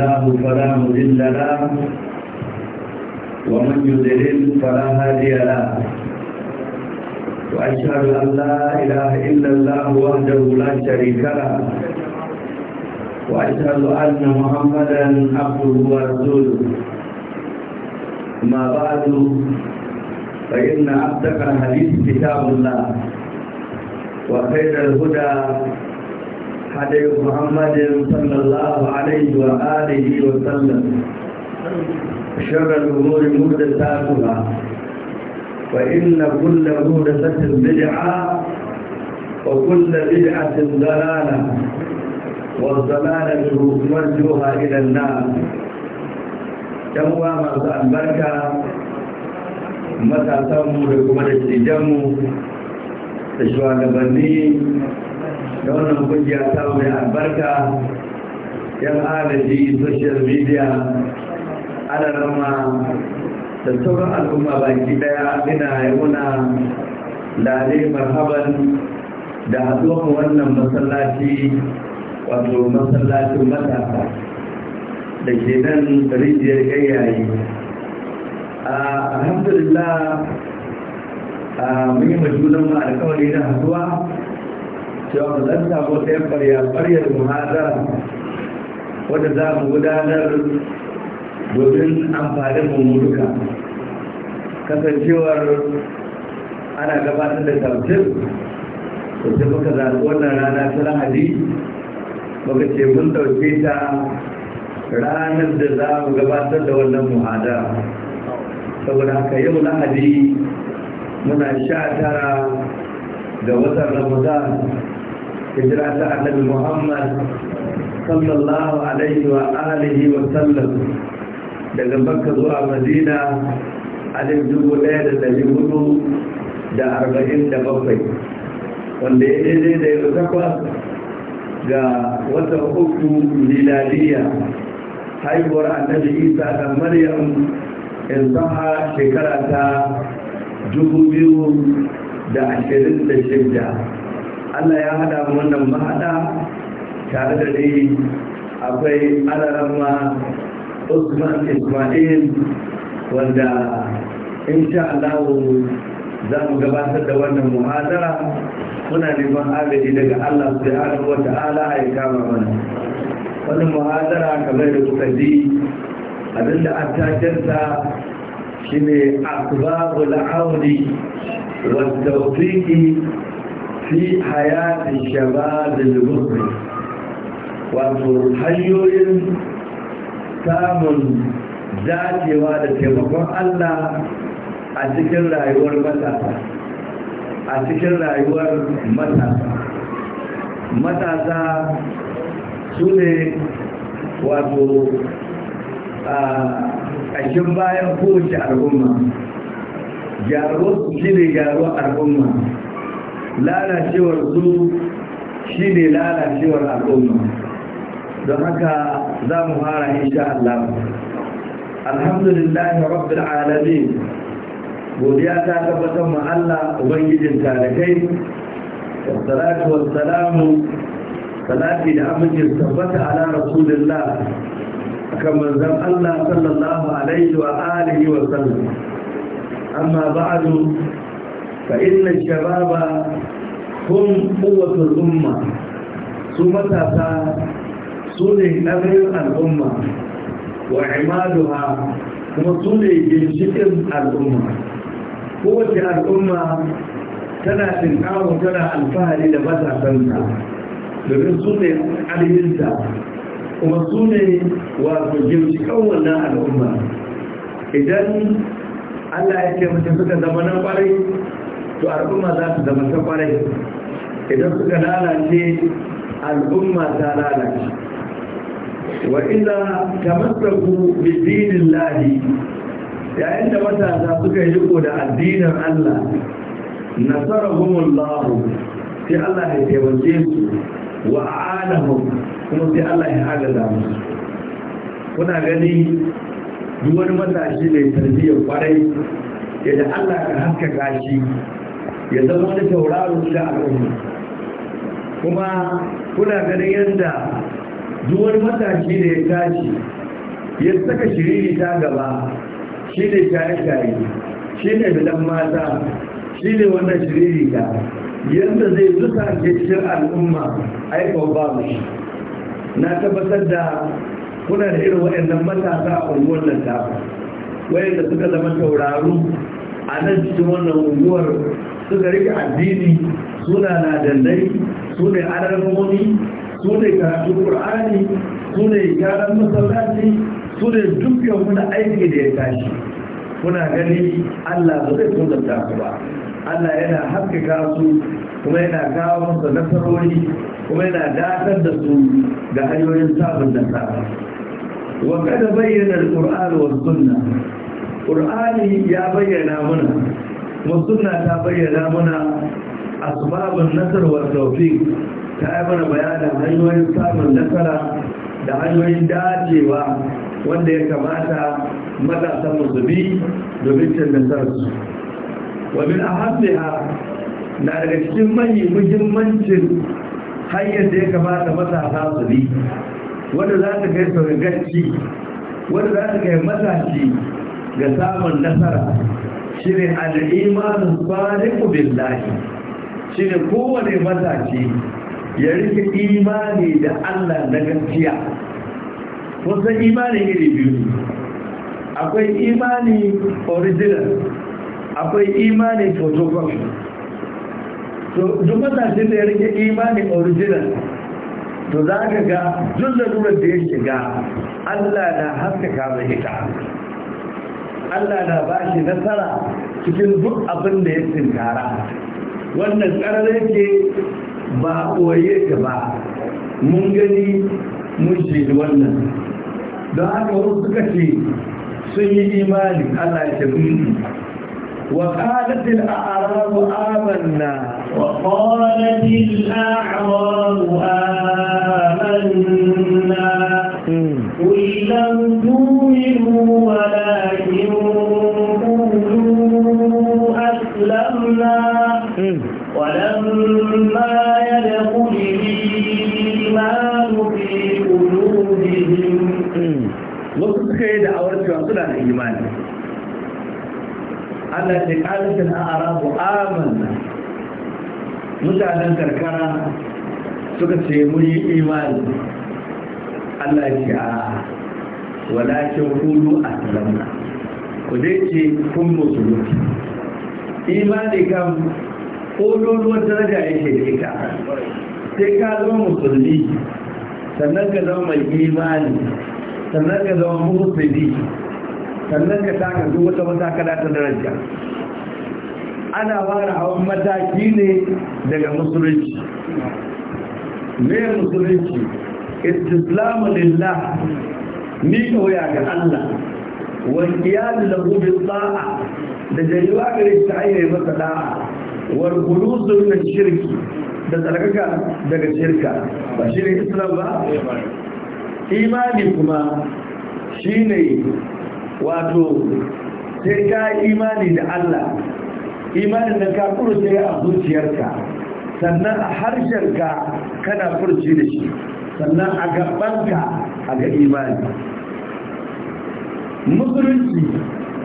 الله فلا مذل له ومن يذلل فلا هادي له وأشهد أن لا إله إلا الله وحده لا شريك له وأشهد أن محمدا عبده ورسوله ما بعد فإن أصدق الحديث كتاب الله وخير الهدى حديث محمد صلى الله عليه وآله وسلم شر الأمور محدثاتها وإن كل محدثة بدعة وكل بدعة ضلالة والضلالة مرجوها إلى النار يوم مرضى البركة متى da لكم da تشوى shugabanni da wannan kungiya ta mai albarka yan agaji social media ana da sauran al'umma baki daya ina yamuna lalai marhaban da haɗuwar wannan masallaci wato masallacin matasa da ke nan rijiyar yayaye alhamdulillah mun yi majunan alkawari na haɗuwa cewa zan samu ɗaya ƙwarya ƙwaryar muhazara wadda za mu gudanar domin mu duka, kasancewar ana gabatar da tamtir da ta muka zaɓi wannan rana ta lahadi muka ce mun ɗauke ta ranar da za mu gabatar da wannan muhadara saboda haka yau lahadi muna sha tara ga watan ramadan hijira ta annabi muhammad sallallahu alaihi wa alihi wa sallam daga makka zuwa madina alif dubu ɗaya da ɗari hudu da arba'in da bakwai wanda ya daidai da yau takwas ga watan uku miladiya haihuwar annabi isa da maryam in saha shekara ta dubu biyu da ashirin da shida Allah ya hada wannan mahada tare da dai akwai alarama Usman Ismail wanda insha Allah za mu gabatar da wannan muhadara muna neman agaji daga Allah subhanahu wa ta'ala ya kama mana wannan muhadara kamar da kuka ji abinda an takensa shine asbabul auni wa tawfiqi fi hayatin shababin musulmi wato hanyoyin samun dacewa da taimakon allah a cikin rayuwar matasa a cikin rayuwar matasa matasa su ne wato a ƙashin bayan kowace al'umma gyaruwa shi ne gyaruwa al'umma lalacewar su shi ne lalacewar al'umma don haka za mu fara insha Allah alhamdulillah rabbil alamin godiya ta tabbatar ma Allah ubangijin talikai wassalatu wassalamu salati da amincin tabbata ala rasulillah akan manzon Allah sallallahu alaihi wa alihi wa sallam amma ba'du فإن الشباب هم قوة su ثم تاتا سنة أمر الأمة وعمادها ثم سنة جنشك الأمة قوة الأمة tana tinkawo tana alfahari da matasanta domin su ne aliminta kuma su ne wato wannan al'umma idan allah ya ce mutum suka zama na ƙwarai to al'umma za su zama ta kwarai idan suka lalace al'umma ta lalace wa ila tamassaku bi dinillahi yayin da matasa suka yi da addinin Allah nasarahumullah sai Allah ya taimake su wa alahum kuma sai Allah ya agaza musu kuna gani duk wani matashi mai tarbiyya kwarai da Allah ka haska gashi? ya zama wani tauraro da al'umma kuma kuna ganin yadda duwar matashi da ya tashi ya saka shiriri ta gaba shi ne shaye-shaye shi ne bidan mata shi ne wannan shiriri ta yadda zai zuta cikin al'umma aikon mu shi na tabbatar da kuna da irin waɗannan matasa a unguwar nan ta wayanda suka zama tauraru a nan cikin wannan unguwar suka rike addini suna na dandai su ne alarmomi su ne karatu ƙur'ani su ne gyaran masallaci su ne dukkan wani aiki da ya tashi kuna gani allah zai tunanta su ba allah yana haskaka su kuma yana kawo musu nasarori kuma yana datar da su ga hanyoyin sabon da sa wa kada bayyana al-qur'an wa sunna qur'ani ya bayyana mana kuma ta bayyana muna asbabun nasarwar Taufin, ta yi mana bayanin hanyoyin samun nasara da hanyoyin dacewa wanda ya kamata matasan musulmi domin cin nasararsu wabin ahamdiha na daga cikin manyan muhimmancin hanyar da ya kamata matasa su bi wanda za ta kai sauragacci wanda za ta kai matashi ga samun nasara shine ne al'imanin saliku billahi shi ne kowane matashi ya rike imani da Allah na gaskiya kusan imani iri biyu akwai imani original akwai imani photocopy to duk matashin da ya rike imani original to za ka ga duk lalurar da ya shiga Allah na haskaka mai ita Allah na ba shi nasara cikin duk abin da ya tsinkara wannan tsarar yake ba koye ta ba mun gani mun shaidi wannan don haka wasu suka ce sun yi imani Allah ya tafi وقالت الأعراب آمنا وقالت الأعراب آمنا قل لم تؤمنوا ولا Allah ce kalatin a arabu amin mutanen karkara suka ce mun yi imani Allah ce a walakin kulu a talamna ku dai ce kun musulunci imani kan ƙololuwar daraja yake da ita sai ka zama musulmi sannan ka zama mai imani sannan ka zama musulmi sannan ka taka duk wata matakala ta daraja ana fara hawan mataki ne daga musulunci me musulunci istislamu lillah ni kauya ga Allah Wani qiyam lahu bi ta'a da jayuwa ga ta ayyai masa da'a wal khuluz min shirki da tsalkaka daga shirka ba shi ne islam ba eh, imani kuma shine wato sai ka imani da Allah imanin da ka furce a zuciyarka sannan a harshenka kana kurce da shi sannan a gabanka a ga imani musulunci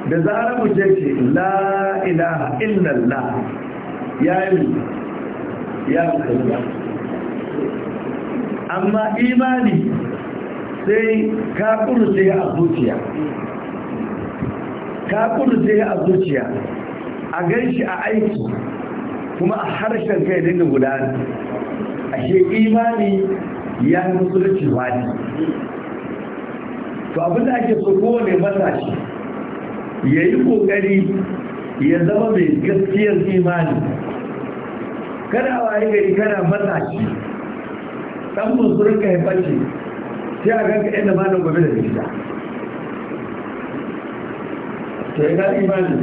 da zarar mu ce la ilaha illallah ya yi ya kalla amma imani sai ka furce a zuciya ka sai a zuciya a gan shi a aiki kuma a harshen kai guda a ashe imani ya yi musulunci wani to abinda ake so kowane matashi ya yi kokari ya zama mai gaskiyar imani kada waye gari kana matashi dan musulunka ya bace sai a ganka inda ba na gobe da likita. to imani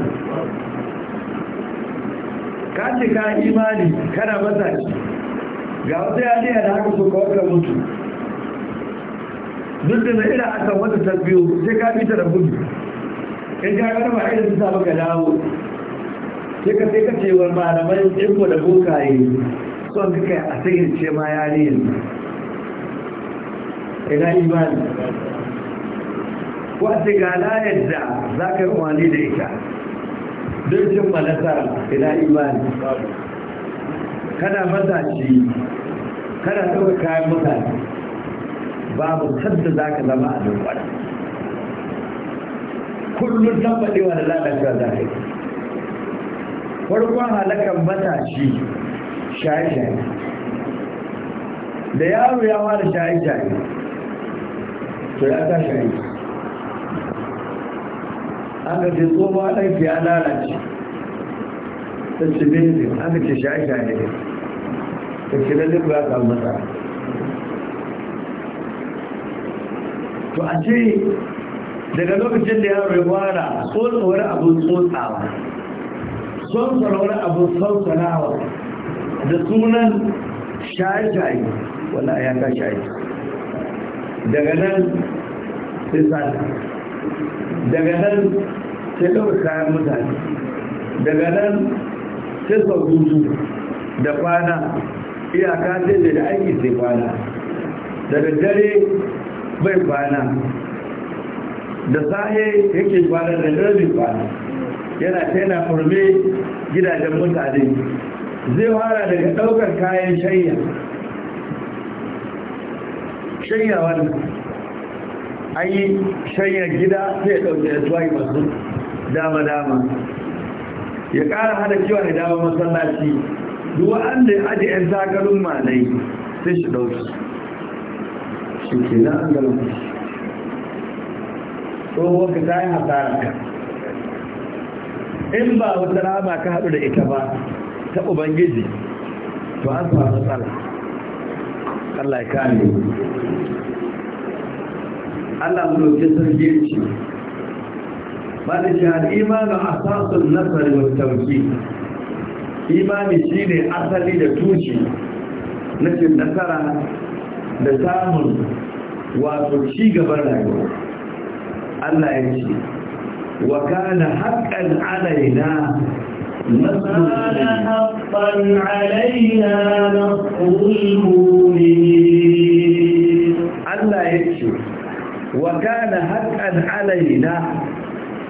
ka ce ka imani kana shi ga wata yaniya da haka su kawar da mutu duk da na ina aka wata tabbiyo sai ka fita da gudu in ka gana a irin su samu ka dawo sai ka sai ka ce wa malamai iko da bokaye son kai a ce ma yaniyar ina imani ko a yadda ga layar da za ka yi umarni da ita don jin manasa ila imani kana matashi kana ɗaukar kayan mutane babu sadda za ka zama a dubbar kullum tabbadewa da lalata za ka yi farkon halakan matashi shaye-shaye da yaro ya wani shaye-shaye to ya ta shaye aka ce tsoma ɗanki ya lalace ta ce benzin aka ce shaye-shaye ne ta ce duk ba ka to a ce daga lokacin da ya ya fara tsotsawar abu tsotsawa tsotsawar abu tsotsarawa da sunan shaye-shaye wani ya ka shaye daga nan sai sata daga nan sai ɗauka kayan mutane daga nan sai sauƙi da kwana iyaka sai da aiki sai kwana da daddare bai kwana da sahe yake kwana da rabin kwana yana taina furme gidajen mutane zai fara daga ɗaukar kayan shayya shayya wannan an yi shanyar gida sai ya ɗauke da tuwayi masu dama-dama ya ƙara hada kiwa da dama masallaci an da ya aji 'yan takarun malai sai shi ɗauki shi ke na an shi tsohon ka ta yi hasara in ba wata rama ka haɗu da ita ba ta ubangiji to an samu matsala Allah ya kare Allah mu dauke sarki ce ba da shi al-imanu asasun nasar wa tawki imani shine asali da tushe na cin nasara da samun wato ci gaban rayuwa Allah ya ce wa kana haqqan alaina وكان حقا علينا نصر المؤمنين الله يكشف wa kana haqqan alaina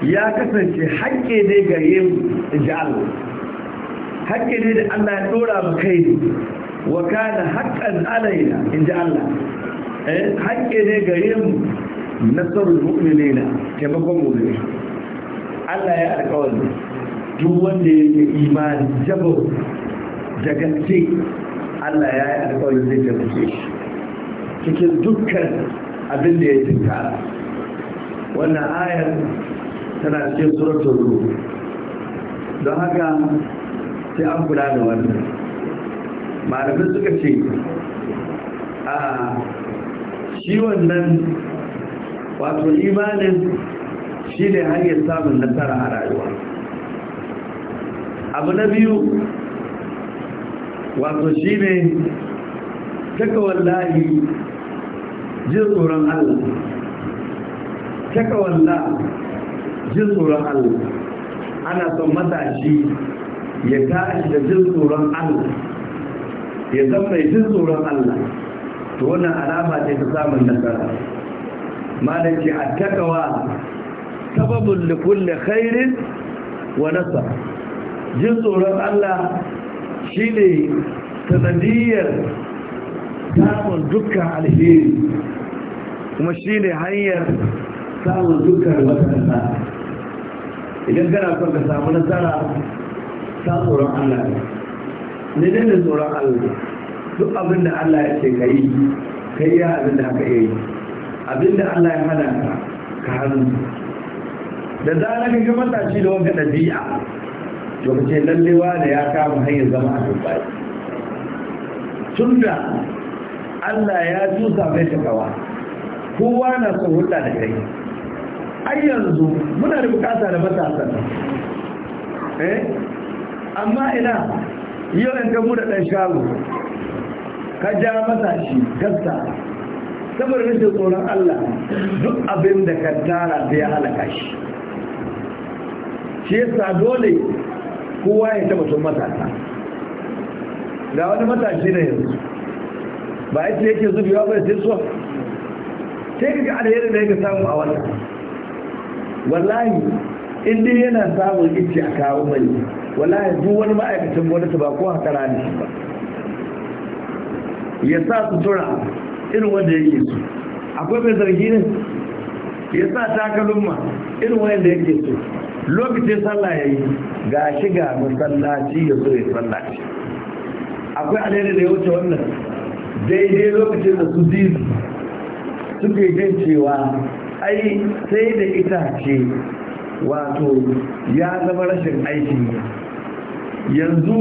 ya kasance hakke ne gare mu inji Allah hakke ne da Allah ya dora mu kai ne wa kana haqqan alaina inji Allah eh hakke ne gare mu nasarul mu'minina taimakon ne Allah ya alƙawari duk wanda ya yi imani jabo da Allah ya yi alƙawarin zai taimake shi cikin dukkan abin da ya tinka wannan ayar tana cikin suratun ruhu don haka sai an kula da wannan malamin suka ce a shi wannan wato imanin shi ne hanyar samun nasara a rayuwa abu na biyu wato shi ne taka wallahi jin tsoron Allah takawalla jin tsoron Allah ana son matashi ya tashi da jin tsoron Allah ya zama mai jin tsoron Allah to wannan alama ce ta samun nasara malam ce a takawa sababin likulli khairin wa nasar jin tsoron Allah shi ne sanadiyar samun dukkan alheri kuma shi ne hanyar samun dukkan wata idan kana son ka samu nasara sa tsoron Allah ne ne ne tsoron Allah duk abin da Allah ya ce ka yi ka yi abin da aka yi abin da Allah ya hana ka ka hannu da zarar ka ga matashi da wanka ɗabi'a to ka ce lallewa da ya kama hanyar zama a dubbai tun da Allah ya tusa mai shakawa kowa na son hulɗa da kai ai yanzu muna da bukata da matasan eh amma ina yau in gamu da ɗan shago ka ja matashi, gasta saboda rashin tsoron Allah duk abin da ka tara da ya halaka shi shi yasa dole kowa ya taba sun matasa ga wani matashi na yanzu ba ya ce yake zubi ba sai so sai ga alheri da yake samu a wannan. wallahi in dai yana samun ice a kawo mai wallahi duk wani ma'aikacin ta ba ko hakara ne shi ba ya sa sutura irin wanda yake so akwai mai zargi ne ya sa takalumma irin wanda yake so lokacin sallah ya yi ga shiga masallaci ya zo ya sallaci akwai alheri da ya wuce wannan daidai lokacin da su zizi suke jin cewa ai sai da itace wato ya zama rashin aiki yanzu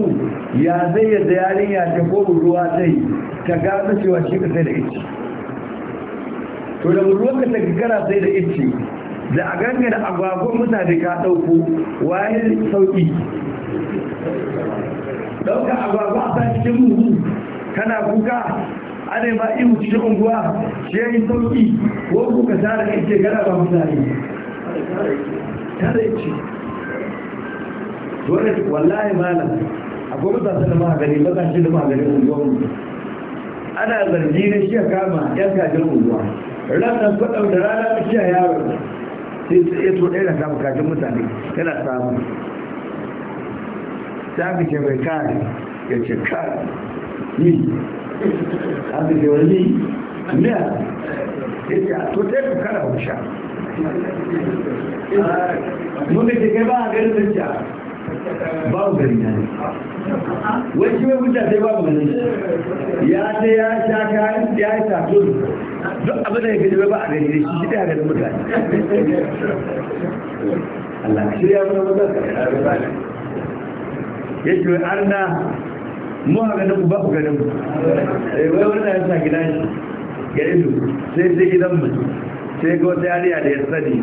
ya zai yadda yarinya ta komin ruwa ta yi ta gasa cewa shi ka sai da ice to da ruwa ka tagaggara sai da ice da a gangana agwagon mutane ka ɗauko waye sauƙi ɗauka agwagwa a cikin muhu kana kuka ana ba ihu cikin unguwa shi ya yi sauki ko kuka tara kai ke gara ba mutane tare ce dole wallahi malam akwai gani da magani mutane da gani unguwa ana zargi na shi ya kama yan kajin unguwa ranar faɗau da rana shi ya yaro sai su iya tuɗe ɗaya da kama kajin mutane yana samu ta ce mai kare ya ce kare ni haka ke wani ne ya to sai ku kada ba a ganin da sha babu gari na ne wai shi mai hujja sai babu gari ya ce ya sha kayan ya yi sato duk abin da ya gaji ba a gani shi shi ya ganin mutane Allah shirya mana ya ce arna mu a ganin ba ku ganin mu eh, wai wani na yasa gida shi ga ido sai sai gidan mu sai ga wata yariya da ya sani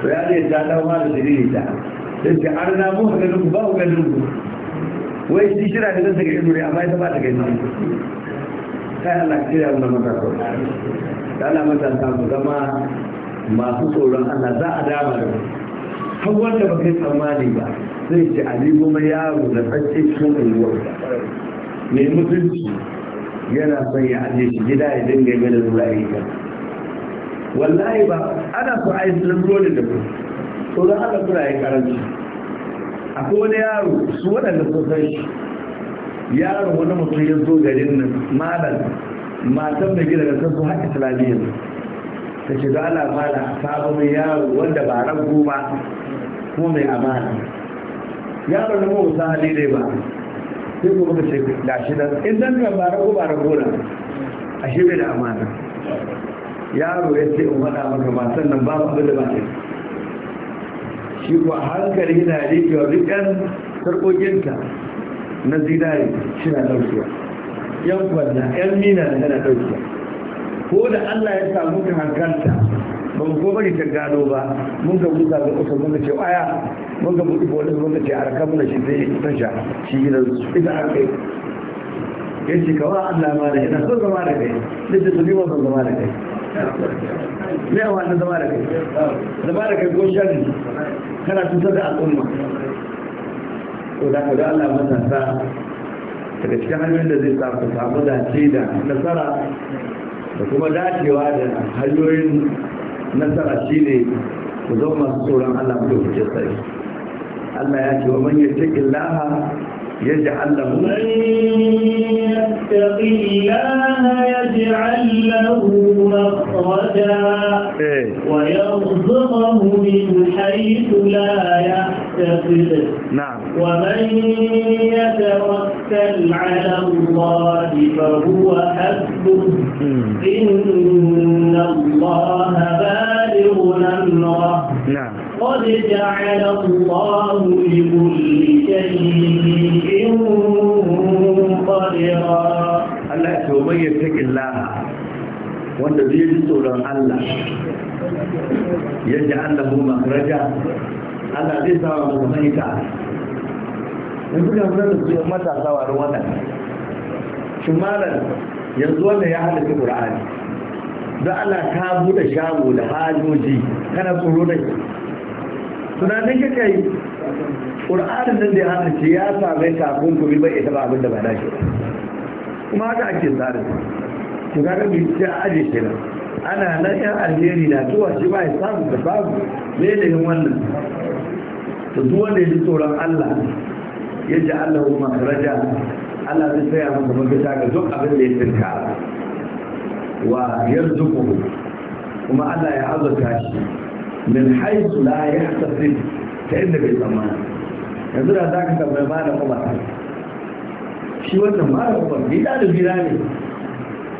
to yariya ta dan ma da ne ta sai ce an na mu a ganin ku ba ku ganin mu wai shi shira da zan daga ido ne amma ita ba ganin gani kai Allah ka kira wannan mata ko na mata ta mu zama masu tsoron Allah za a dama da mu har wanda ba kai tsammani ba zai ce a nemo mai yaro da tsakke cikin unguwar mai mutunci yana son ya aje shi gida ya dinga yi da aiki ita wallahi ba ana so a yi rolin da ku to don haka kuna yi karanci akwai wani yaro su wadanda sun san shi Yaro wani mutum ya zo garin nan malam matan da gida da sassu so har islamiyyar ta ce da ala sabo sabon yaro wanda ba ran ba kuma mai amana Yaro da mawusa hali ba sai ku muka ce da shi da in dan ka bara ko bara gona a shi da amana yaro ya ce in faɗa maka ba sannan babu abin da ba ta shi ko hankali na rikewa rikan sarƙoƙinta na zinari shi na ɗaukiya yan kwanna yan mina da yana ɗaukiya ko da allah ya samu ka hankalta ko bari ta gano ba mun ga buta ga kusa mun ce aya mun ga buɗe bolin mun ga ce arkan mun shi sai ta sha shi ne ita aka yi ya ce kawa Allah ma da ina son zama da kai da ce su ma son zama da kai ne yawa na zama da kai zama da kai ko shari kana cutar da al'umma to da ka ga Allah sa daga cikin hanyoyin da zai samu samu dace da nasara da kuma dacewa da hanyoyin نظر الشيلي وزوما سورا على مدوه الجسد قال ما ياتي ومن يتق الله يجعل له من يتق الله يجعل له مخرجا ويرزقه من حيث لا يحتسب نعم ومن يتوكل على الله فهو حسبه إن الله بالغ أمره نعم. قد جعل الله لكل شيء قدرا الله ومن يتق الله wanda zai ji tsoron Allah ya ji Allah mu makaraja Allah zai sa wa mu mahita yanzu ga muna da zuwa matasa wa ruwan nan shimalar yanzu wanda ya halitta ƙur'ani da Allah ta buɗe shago da hajoji kana tsoro da shi tunanin ka kai ƙur'anin nan da ya ce ya same kafin kuma bai taɓa abin da ba da kuma haka ake tsari ku ga ga bi ta aje nan? ana nan yan alheri na zuwa shi ba ya samu da babu ne wannan to duk wanda ya ji tsoron Allah ya ji Allah makaraja Allah zai saya masa mafita ga duk abin da ya tinka wa yarzuku kuma Allah ya azurta shi min haisu la ya tasir ta inda bai tsammani yanzu da za ka tambayi ma da kuma shi wannan ma da kuma ni ɗalibi na ne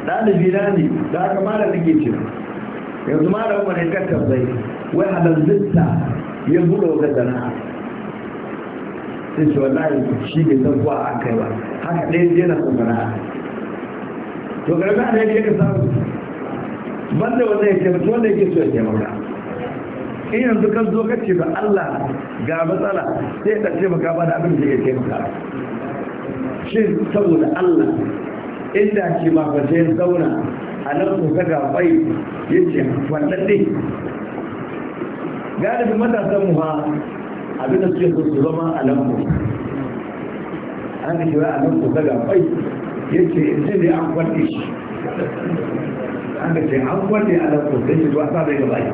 ɗalibi na ne da aka ma da nake ce yanzu ma da kuma ne kan tambayi wai halalzinta ya buɗe wa sana'a sai ce wallahi shi ne zan kuwa an kai ba haka ɗaya je na kokana to karfi a ɗaya ka samu banda wanda ya taimaki wanda ya ke so ya taimaka in yanzu kan zo ka ce ba Allah ga matsala sai ka taimaka ba da abin da ya taimaka shi saboda Allah inda ke maface ya zauna a nan ta ga bai ya ce faɗaɗe galibin matasan mu ha abin da suke su zama a lambu an da kira a lambu daga bai yake yanzu ne an kwalle shi an da ke an kwalle a lambu sai shi zuwa sa bai gaba yi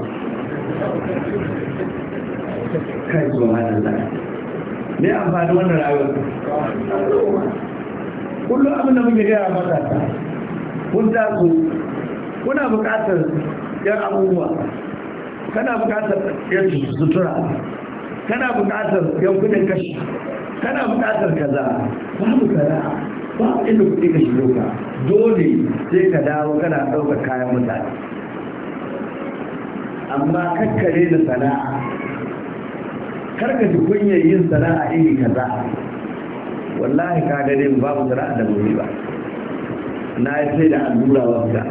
kai zuwa hannun zai ne amfani wannan rayuwar kullum abin da muke gaya matasa kun ku? kuna buƙatar yan abubuwa kana buƙatar yan sutura kana buƙatar yankunan kashi kana buƙatar kaza babu kaza babu inda kuɗi ka shi doka dole sai ka dawo kana ɗaukar kayan mutane amma kakkare da sana'a karka ji kunyar yin sana'a iri kaza wallahi ka mu babu sana'a da gobe ba na yi sai da allura wanda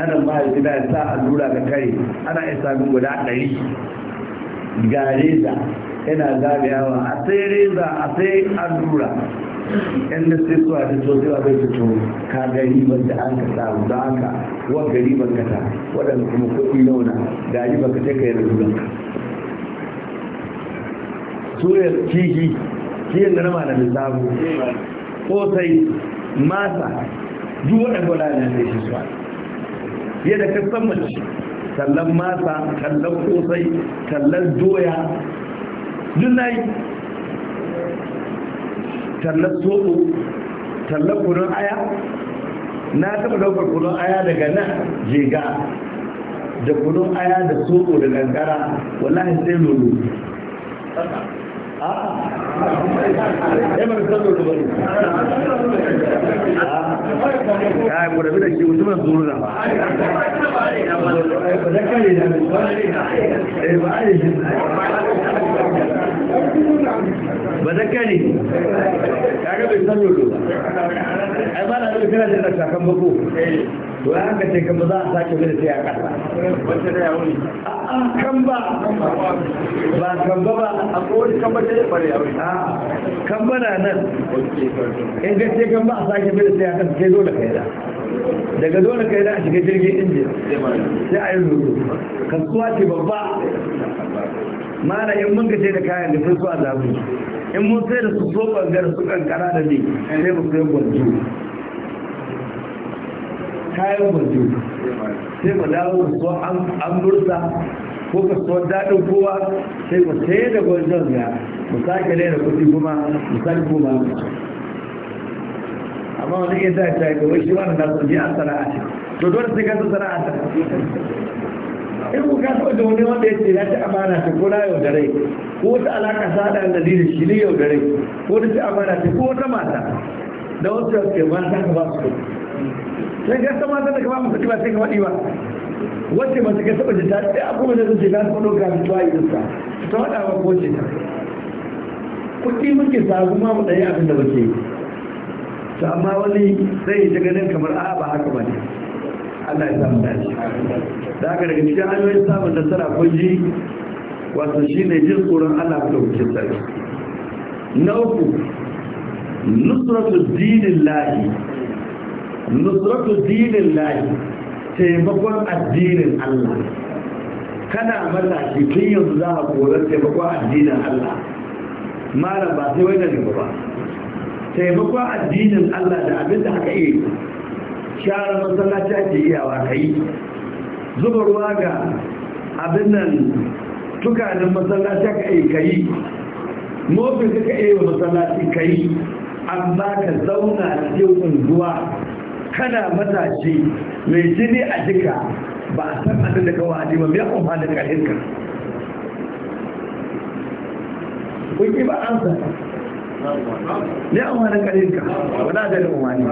ana ma yi gida ya sa allura ga kai. ana iya samun guda ɗari ga reza yana zagayawa a sai reza a sai allura yan da sai suwa da sosai wa bai fito ka gari ribar da an ka samu don wa gari ribar ka ta waɗanda kuma kuɗi launa gari ba ka ta kai da duban Suyar kiki kihi kiyan da nama da lissafu kosai masa duk waɗanda waɗanda sai shi suwa yadda ka san mace tallan masa tallan kosai tallan doya duk na yi tallan soɓo tallan kunun aya na taɓa ɗaukar kunun aya daga nan jega da kunun aya da soɓo da ƙanƙara. wallahi sai lulu ya yi kudabi da ke mutumin zuru na ba eh, ba ba zakari kaga bai san yodo ba ai ba na zai kana da sakan bako to ya haka sai kan ba za a sake wani sai a kasa a kan ba ba kan ba ba a kowani kan ba ta yi bare yawo kan ba na nan in ka ce kan ba a sake wani sai a kasa sai zo kai da daga dole kai da a shiga jirgin injin sai a yi ruru kasuwa ce babba mana in mun ka ce da kayan da sun so a zamu in mun sai da su zo bangare su kankara da ne sai mu sai gwanjo kayan gwanjo sai mu dawo da so an bursa ko ka so daɗin kowa sai mu sai da gwanjon ya mu sake da kuɗi kuma mu sake kuma amma wani iya ta ta ga wai shi wani nasu ne a an sana'a to dole sai ka sana'a ta in ku ka da wani wanda ya ce na ci amana ta ko na yau da rai ko wata alaka ta da da da shi ne yau da rai ko ta ci amana ta ko wata mata da wasu ke mata ka ba su sai ga sama da kama ba mu kuɗi ba sai ka faɗi ba wacce masu ka taɓa jita sai abu da zai ce na tsaro ga mutu a irinsa ta waɗa ba ko ce ta kuɗi muke samu ma mu ɗaya abin da muke yi to amma wani zai yi ta ganin kamar a ba haka ba ne Allah ya samu dace da haka daga cikin hanyoyin samun nasara kun ji wasu shi ne jin tsoron Allah da wucin sarki na uku nusratu dinin lahi nusratu dinin lahi taimakon addinin Allah kana shi tun yanzu za a korar taimakon addinin Allah mara ba sai wai da ba taimakon addinin Allah da abin da aka iya share masallaci ake iyawa ka yi zuba ruwa ga abin nan tukanin masallaci ka yi ka yi ka yi wa masallaci kai amma ka zauna cikin unguwa kana matashi mai jini a jika ba a san abin da kawo aji ba mai amfani da ƙarfinka kun ba an sa ya umarnin ƙarinka wadda da umarni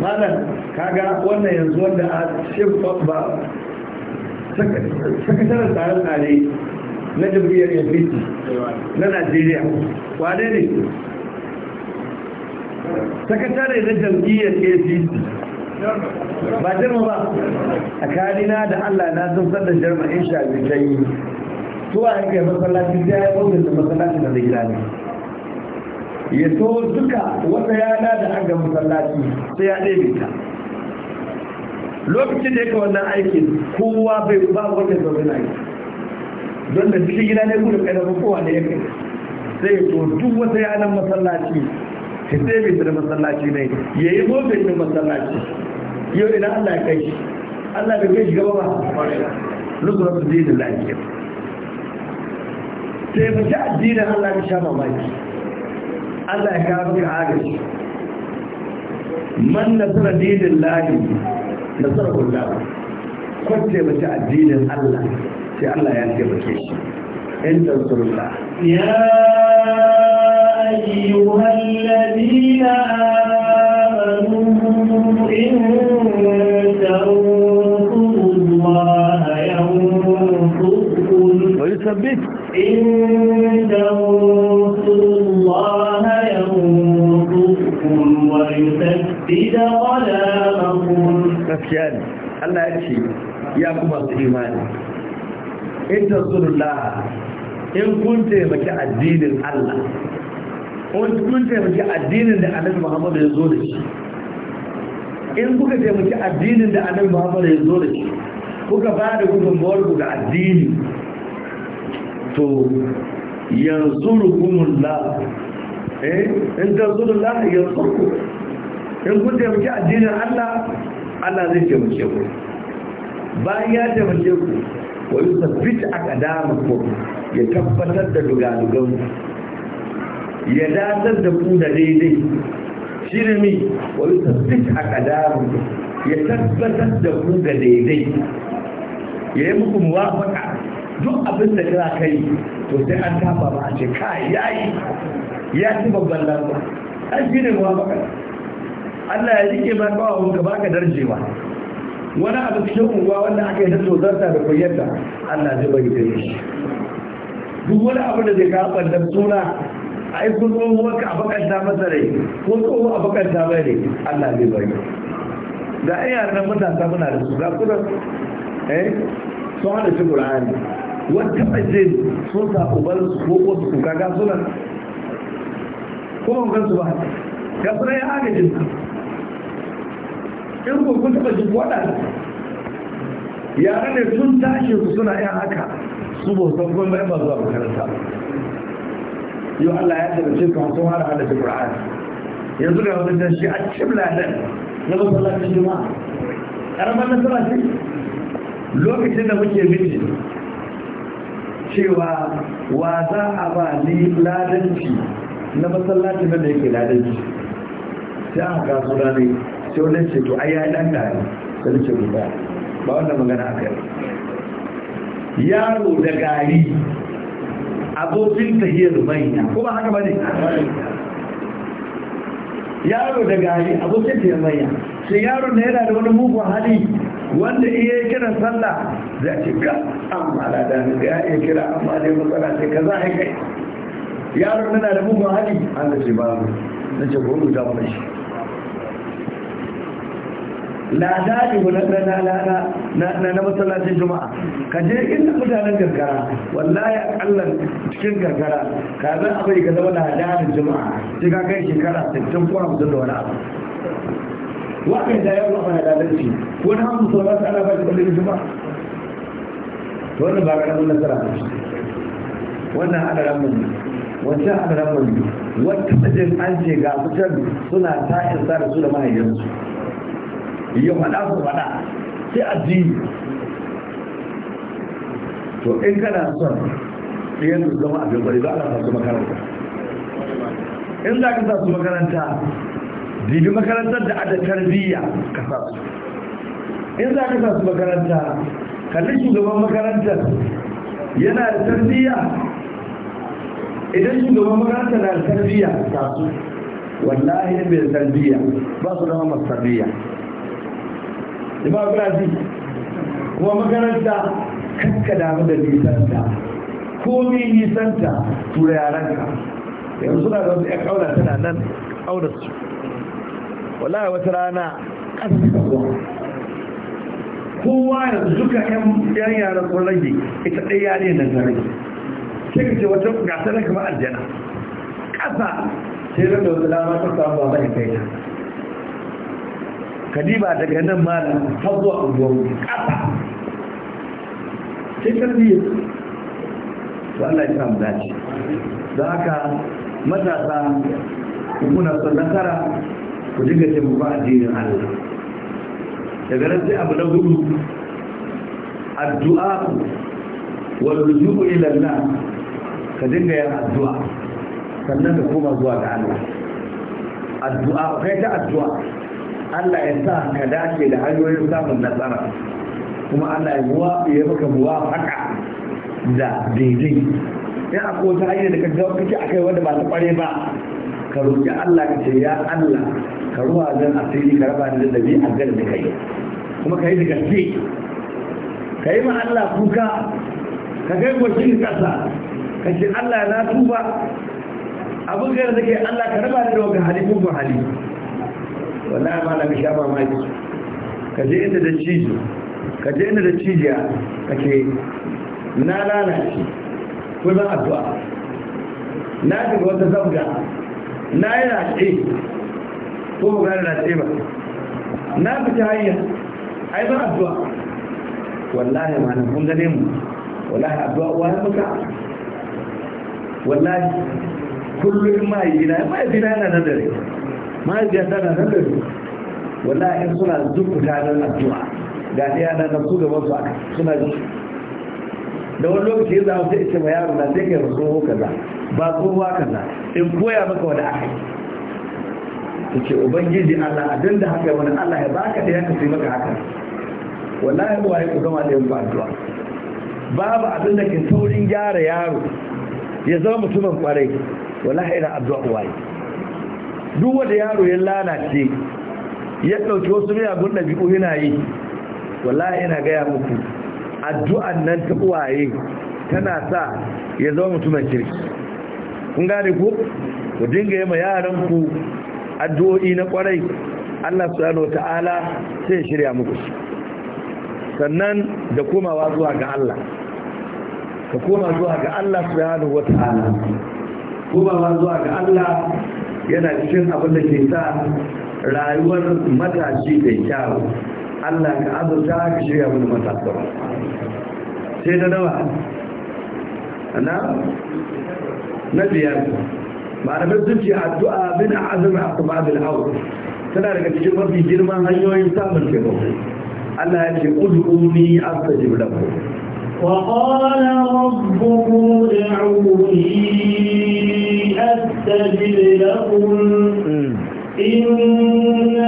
malam kaga wannan yanzu wanda a cikin ba sakatarar tsare-tsare na jam'iyyar yafiti na najeriya wane ne sakatare na jam'iyyar APC ba jirma ba a kanina da allah na sun sanda jirma in sha biyu yi tuwa ya masallacin ta ya da masallacin da zai gida ne ya so duka wata yana da an ga masallaci sai ya ɗebe ta lokacin da yake wannan aikin kowa bai ba wata zaune na yi don da cikin gida ne kuma kai da kowa ya yake sai ya so duk wata yanar masallaci ta ɗebe ta da masallaci ne ya yi motsin da masallaci yau ina allah ya kai shi allah bai kai shi gaba ba zai da lafiya taimaki addinin allah ya sha mamaki Allah ya kawo ka agaji man nasara dinin lahi nasara kulla kwace mace addinin Allah sai Allah ya taimake shi in surulla ya ayyuhal ladina amanu in tansurullah yansurkum wa yusabbit in لنثبت قدامهم gaskiya ne Allah ya ce ya kuma su imani in tasurullah in kun taimaki addinin Allah kun taimaki addinin da annabi Muhammadu ya zo da shi in kuka taimaki addinin da annabi Muhammadu ya zo da shi kuka ba da gudunmawar ku ga addini to yanzu rukunullah eh in tasurullah yanzu rukunullah in kun taimaki addinin Allah Allah zai taimake ku bayan ya taimake ku wa kadama ku ya tabbatar da dugadugan ya dadar da ku da daidai shirmi wa kadama ku ya tabbatar da ku da daidai ya yi muku muwafaka duk abin da kira kai to sai an tafa ba a ce kai yayi ya ci babban lamba an shi ne muwafaka Allah ya rike ba kawo da baka darjewa wani abu cikin unguwa wanda aka yi da zarta da kuyyarta Allah zai bai da shi duk wani abu da zai kawo ɓandar suna a yi kun tsohuwar ka a bakanta masa rai ko tsohuwa a bakanta mai rai Allah zai bai da ai yaran matasa muna da su ga kuma eh sun hada shi Qur'ani wata ɓace sun sa ubar su ko wasu kuka ga sunan ko ban su ba ga sunan ya agajin in kun taɓa jin waɗanda yare ne sun tashi su suna yin haka su ba su kuma mai ba zuwa makaranta yau Allah ya tabbace su sun hada hada Qur'an yanzu ga wannan shi a cibla nan na masallacin juma'a karamar nasara ce lokacin da muke miji cewa wa za a ba ni ladanci na masallacin da yake ladanci sai aka kasu ne sai wani ce to ai ya ba yaro da gari abokin tahiyar manya haka ba da gari sai yaro da da wani mugun hali wanda iya yi sallah za ce ga amma da da ya iya kira amma dai matsala ce ka za a kai yaro da mugun hali an da ce ba na ce ko shi na ne na masallacin juma'a ka je inda mutanen gargara wallahi kallon cikin gargara ka zan abai ka zama na daɗin juma'a Ta ka kai shekara 60 ko mutum da wani abu wakan da yau ba da dalci ko na hamsu wasu ana ba shi kullum juma'a wannan ba karamin nasara ba wannan ana ramin wancan ana ramin wata sajin an ce ga fitar suna ta'in sa da su da mahaifiyarsu Yi faɗa su faɗa sai addini to in kana son ɗayan su zama abin bari ba a sa su makaranta in za ka sa su makaranta dibi makarantar da ada tarbiyya ka sa su in za ka sa su makaranta kalli shugaban makarantar yana da tarbiyya idan shugaban makarantar na da tarbiyya sa su wallahi bai tarbiyya ba su zama masu tarbiyya democracy kuma makaranta kanka damu da nisanta komi nisanta tura yaranka yanzu suna da wasu ya kauna tana nan kauna su Wala wata rana ƙasa suka zuwa kowa yanzu duka yan yaran sun ne ita ɗaya yare na ta rage sai ka ce wata gasar kamar aljana ƙasa sai da wata dama ta samu ba mai kai ta kadiba daga nan malam hazo a unguwarmu ƙasa sai karfiye su Allah ya samu dace da haka matasa kuna son nasara ku dinga taimakon addinin Allah daga nan sai abu na gudu addu'a wal rujuu ila Allah ka dinga yin addu'a sannan ka koma zuwa ga Allah addu'a kai ta addu'a Allah ya sa ka dace da hanyoyin samun nasara kuma Allah ya muwa ya maka haka da daidai ya akwai wata hanyar da ka ga kake akai wanda ba ta kware ba ka roƙi Allah ka ce ya Allah ka ruwa zan asiri ka raba da da a gari da kai kuma ka yi da gaske ka yi ma Allah kuka ka kai gwashin kasa ka ce Allah na tuba abin gari da ke Allah ka raba da wani hali mugun hali wallahi malami sha ba mai ka je inda da cijo ka je inda da cijiya ka ce na lalace ko zan addu'a na shiga wata zabga na yi race ko ba gane race ba na fita hanya ai zan addu'a wallahi ma nan kun gane mu wallahi addu'a uwa ya muka wallahi kullum ma yi gina ma yi gina yana nan da rai mahaifiya na nan da su wallahi in suna zukuta nan addu'a ga ɗaya na nan su gaban su aka suna ji da wani lokaci ya zama sai ce ma yaro na sai kai tsoho kaza ba tsohuwa kaza in koya maka wani aka ta ce ubangiji allah abin da haka wani allah ya baka da yanka sai maka haka wallahi ba ya ku gama da yanku addu'a babu abin da ke saurin gyara yaro ya zama mutumin kwarai wallahi ina addu'a waye duk wanda yaro ya lalace ya ɗauki wasu miyagun ɗabi'u yana yi wallahi ina gaya muku addu'an nan ta uwaye tana sa ya zama mutumin kirki kun gane ku ku dinga yi ma yaran ku addu'o'i na kwarai Allah subhanahu wata'ala sai shirya muku sannan da komawa zuwa ga Allah ka koma zuwa ga Allah subhanahu wata'ala komawa zuwa ga Allah yana cikin abin da ke sa rayuwar matashi da kyawu Allah ka azurta ka shirya wani matasa sai da nawa na na biyar malamai sun ce addu'a a azumi asbabil hawl tana daga cikin mafi girman hanyoyin samun taimako Allah ya ce ud'uni da lakum وقال ربه ادعوني أستجب لكم إن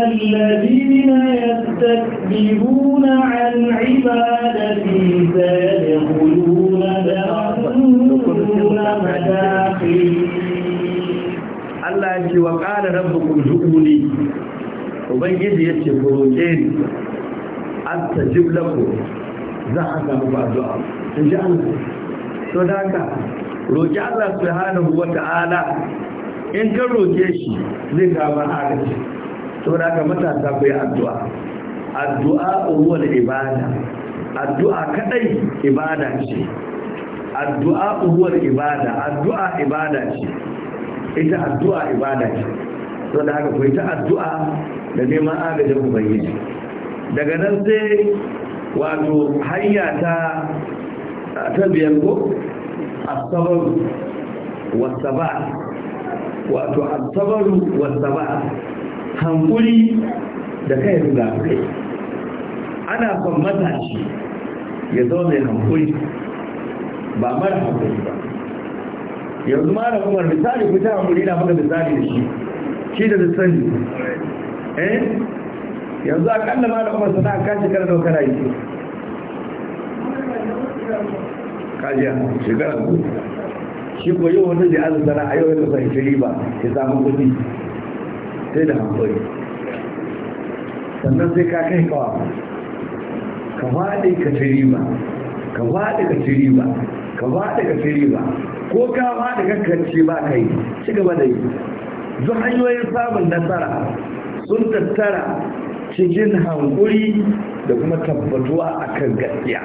الذين يستكبرون عن عبادتي سيدخلون جهنم داخلين الله يجي وقال ربكم ادعوني وبنجد يتشكرون أستجب لكم za a samu ba addu'a in ji Allah to da haka roƙi Allah subhanahu ala in ka roƙe shi zai kama agaji to da haka matasa ku yi addu'a addu'a uwar ibada addu'a kaɗai ibada ce addu'a uwar ibada addu'a ibada ce ita addu'a ibada ce to da haka ku yi ta addu'a da neman agajin ubangiji daga nan sai wato hanya ta ta ko asabar wasaba wato asabar wasaba hankuri da kai ruga kai ana son matashi ya zo zaune hankuri ba mara hankuri ba yanzu da kuma misali fita hankuri na maka misali da shi shi da da sani eh yanzu akalla ma da kuma sana'a ka shekara dauka na yi kajiya shekara da shi ko yau wani da azu sana'a yau ya kasa hijiri ba ya samu kudi sai da hankali sannan sai ka kai kawa ka faɗi ka ci riba ka faɗi ka ci riba ka faɗi ka ci riba ko ka faɗi ka kacce ba ka yi ci gaba da yi zuwa hanyoyin samun nasara sun tattara cikin hankuri da kuma tabbatuwa akan gaskiya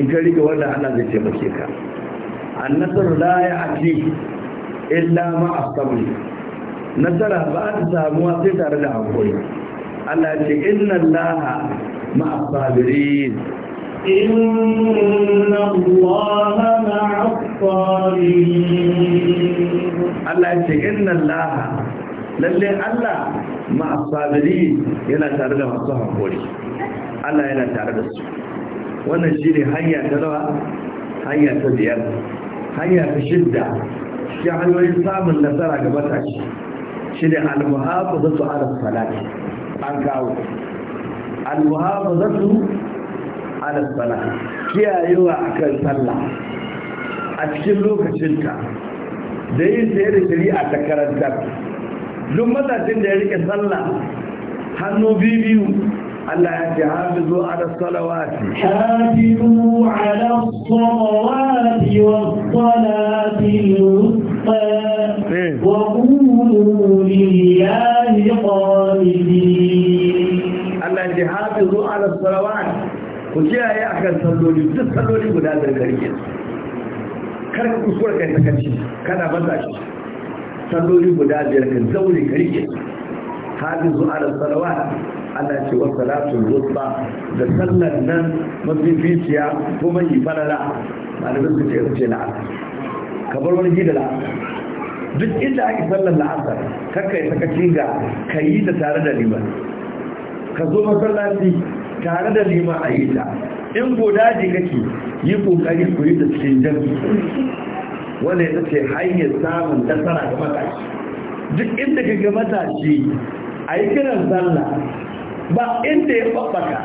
in ka rike wanda ana zai taimake ka da la ake illa ma asabri nasara ba ta samuwa sai tare da hankuri Allah ce inna Allah ma asabirin inna Allah ma asabirin Allah ce inna Allah lalle Allah ma'asabiri yana tare da masu haƙori Allah yana tare da su wannan shi ne hanya ta rawa hanya ta biyar hanya ta shidda shi hanyoyin samun nasara ga matashi shi ne almuhafazatu ala salati an kawo Al almuhafazatu ala salati kiyayewa akan sallah a cikin lokacinta da yin da shari'a ta karantar duk matashin da ya rike sallah hannu biyu Allah ya ce hafizu ala salawati hafizu ala salawati wa salati al-wusta eh. wa ya lillahi qanidin Allah ya ce hafizu ala salawati ku kiyaye kan salloli duk salloli guda da karke kar ka kuskura kai sakaci kana banza shi salloli guda biyar kan zaune ka rike hafizu da salawa ana ce wa salatun wusta da sallar nan mafificiya ko mai falala malamin su ce ce la'asar kamar wani gida la'asar duk inda ake sallar la'asar kakai sakaci ga ka yi ta tare da liman ka zo masallaci tare da liman a yi ta in godaji kake yi kokari ku yi da cikin jami'i wanda ya ce hanyar samun nasara ga matashi duk inda ka ga matashi a yi kiran sallah ba inda ya babbaka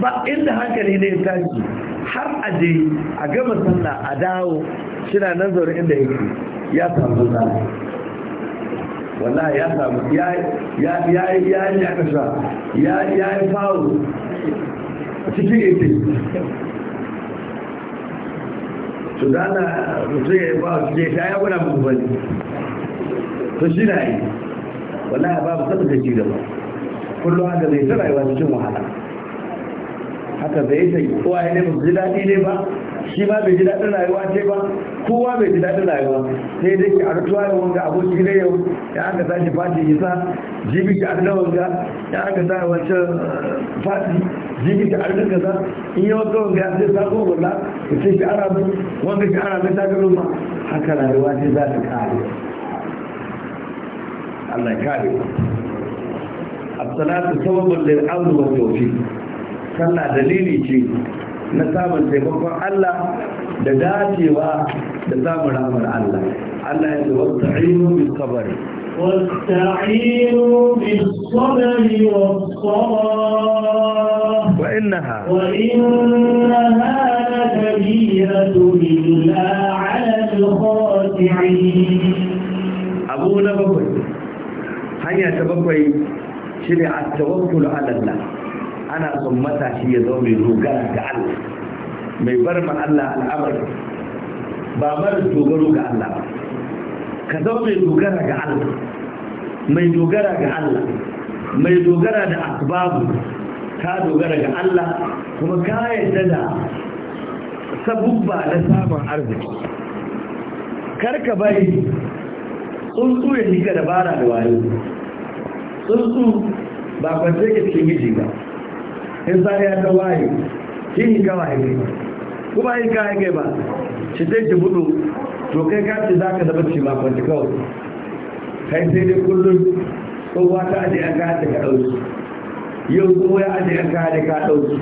ba inda hankali ne ya tashi har a je a gama sallah a dawo shina nan zaune inda yake ya samu sallah wanda ya samu ya ya ya ya ya ya ya ya ya ya ya ya ya su dana mutum ya ba su je ta ya gwada muku bane to shi na yi wallahi babu sabu da ci gaba kullum haka zai ta rayuwa cikin wahala haka zai ta yi kowa ya ne ba ji daɗi ne ba shi ma bai ji daɗin rayuwa ce ba kowa bai ji daɗin rayuwa sai dai ki arta ya wanga aboki ne yau ya aka tashi fati isa jibi ki arta wanga ya aka tashi wancan fati jibi da arzikin kasa in yi wata wanda ya ce sabon wala ya ce shi arabu wanda shi arabu ta gano ma haka rayuwa ce za ta kare Allah ya kare Abdullahi sababin da lil amri wa tawfiq sallah dalili ce na samun taimakon Allah da dacewa da samun ramar Allah Allah ya ce wata ainihin kabari واستعينوا بالصبر والصلاة وإنها وإنها لكبيرة إلا على الخاشعين أبونا بقول هيا تبقي شريعة التوكل على الله أنا صمتها هي يزومي روغان كعلا ما يبرم الله الأمر ba mara على الله ka zama mai dogara ga Allah mai dogara ga Allah mai dogara da asbabu ka dogara ga Allah kuma ka yarda da sabubba na samun arziki karka bari tsuntsu ya nika da bara da wayo tsuntsu ba kwanci ke cikin miji ba in sa ya ta waye shi nika ne kuma yi kayan haike ba shi zai ki budu to kai ka za ka zama ci makon kwanci kawai kai sai dai kullum tsohuwa ta ajiye an kaya da ka ɗauki yau tsohuwa ya aje an kaya da ka ɗauki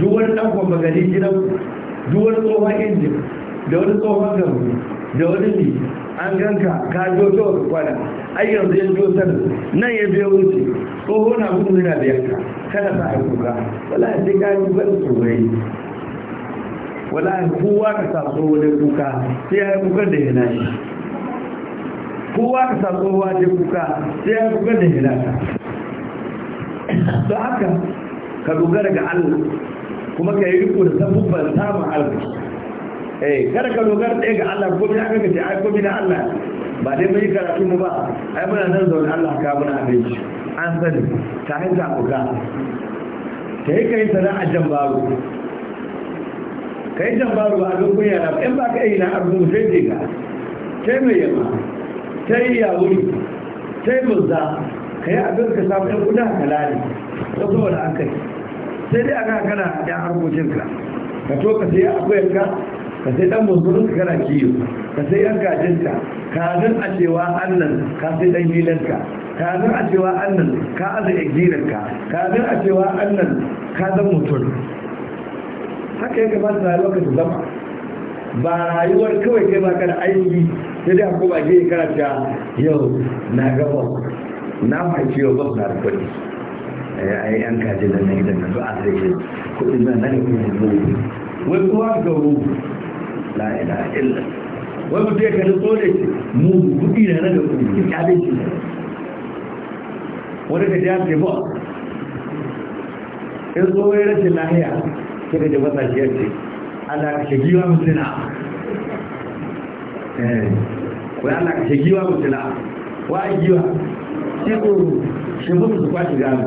duk wani ɗan kwamba gani gidan duk wani tsohon injin da wani tsohon gamu da wani ne an ganka ka jo to ka kwana ai yanzu ya jo sanin nan ya biya wuce ko na gudu yana da yanka kada sa a kuka wala sai ka yi gudu tsohon wallahi kowa ka saso wani kuka sai ya yi da yana shi kowa ka saso wani kuka sai ya yi da yana ka ta haka ka dogara ga Allah kuma ka yi riko da sabubban samun arziki eh kada ka dogara ɗaya ga Allah ko ya kaga ce ai ko na Allah ba dai mai karatu mu ba ai muna nan zaune Allah ka muna abinci an sani ta hanta kuka ta yi kai sana'a jan baro ka yi jambaru ba a kunya na in ba ka yi na abin sai ce ka sai mai yamma sai yawuri, ta sai mazza ka yi abin ka samu ɗan a ka lari wasu wani an kai sai dai aka kana ɗan harkokin ka ka to ka sai akwai ka ka sai ɗan muzzurin ka kana kiyo ka sai yan gajin ka ka zan a cewa annan ka sai ɗan hilan ka zan a cewa annan ka aza ya ka ka kazan a cewa annan ka zan mutum haka ya kamata na lokacin zama ba rayuwar kawai kai ka da aiki sai dai ko ba yi karanta yau na ga ba na mai yau ba na da kudi eh, ai an kaje da nan gidan nan ba a sai kudi nan nan ko ne wai kuwa ga ru la ila illa wai mutai ka da tsore mu kudi na da kudi ka da shi wani ka ja ke ba in tsohon rashin lahiya kira da matsashiyar ce Allah ka shagiwa mutuna eh, wai Allah ka shagiwa mutuna wa a giwa shi ko shi mutu su kwashi gano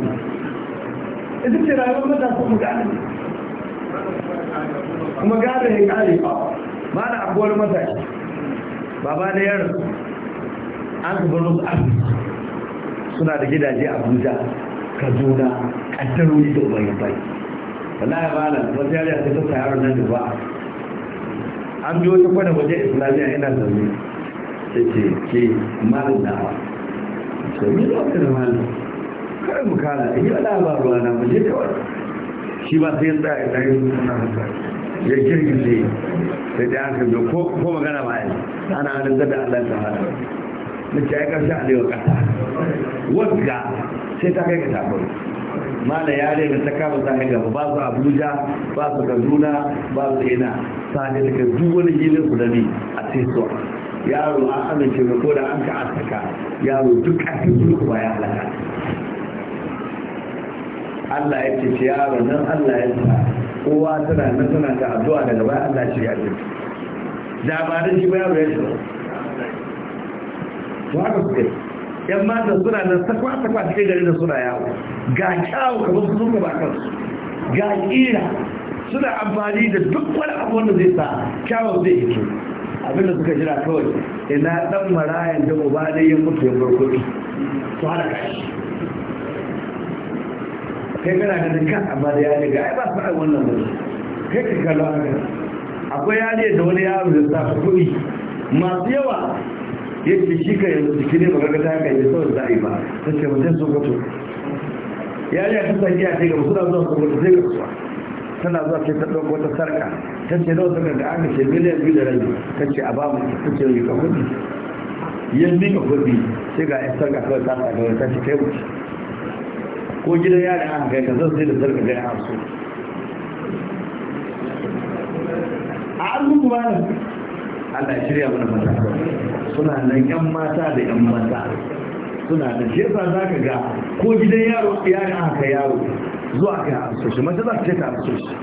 ita ce rayuwar su mu gane kuma gane ya kare ba ma na abuwar matashi baba da yaro an zubar musu arziki suna da gidaje abuja kaduna kaddarori da ubayin bai wallahi ba nan wata yariya ta tuka yaron nan gaba an biyo ta kwana waje islamiyya ina zaune ta ce ke malin dawa to ni da wata da malin kar mu kala yi wala ba ruwa na mu je kawai shi ba sai tsaya ya tsaye suna hasa ya girgize sai da aka biyo ko magana ba yi ana hannun da Allah ta hada na ce ya karshe a lewa kasa wadda sai ta kai ka tafi mala yare da ta kama za a gaba ba su abuja ba su kaduna ba su ina sani daga duk wani hilin su da ni a tesuwa yaro an amince da ko da an ka asaka yaro duk ƙarfin su ba ya halaka Allah ya ce ce yaro nan Allah ya sa kowa tana nan tana ta addu'a daga baya Allah ya ce ya ce da ba da shi ba yaro ya ce to haka su kai yan mata suna nan sakwa-sakwa cikin gari da suna yawo ga kyawo kamar su suka ba kansu ga ƙira suna amfani da duk wani abu wanda zai sa kyawun zai hito abinda suka jira kawai ina ɗan marayan da ba da yin mutu ya farko su hana kashi kai kana ganin kan amma da ya ga? ai ba su ai wannan mutu kai ka kallon akwai yare da wani yaro da sa kuɗi masu yawa yake shi ka yanzu jiki ne baka gata ka yi saurin za'i ba ta ce mutum sun gato ya yi ta sa giya ce ga suna zuwa su gato sai ga suwa tana zuwa ce ta ɗauko wata sarka ta ce nawa sarka ga aka ce miliyan biyu da rabi ta ce a ba mu ta ce yi ka kuɗi yan mika kuɗi sai ga yan sarka kawai ta sa gaba ta ce kai wuce ko gidan yaran aka kai ka zan sai da sarka kai a so a arzikin bayan Allah shirya mana mata. suna nan yan mata da yan mata suna da shi yasa za ka ga ko gidan yaro yaron aka yaro zuwa ka amso shi mace za ka ce ta amso shi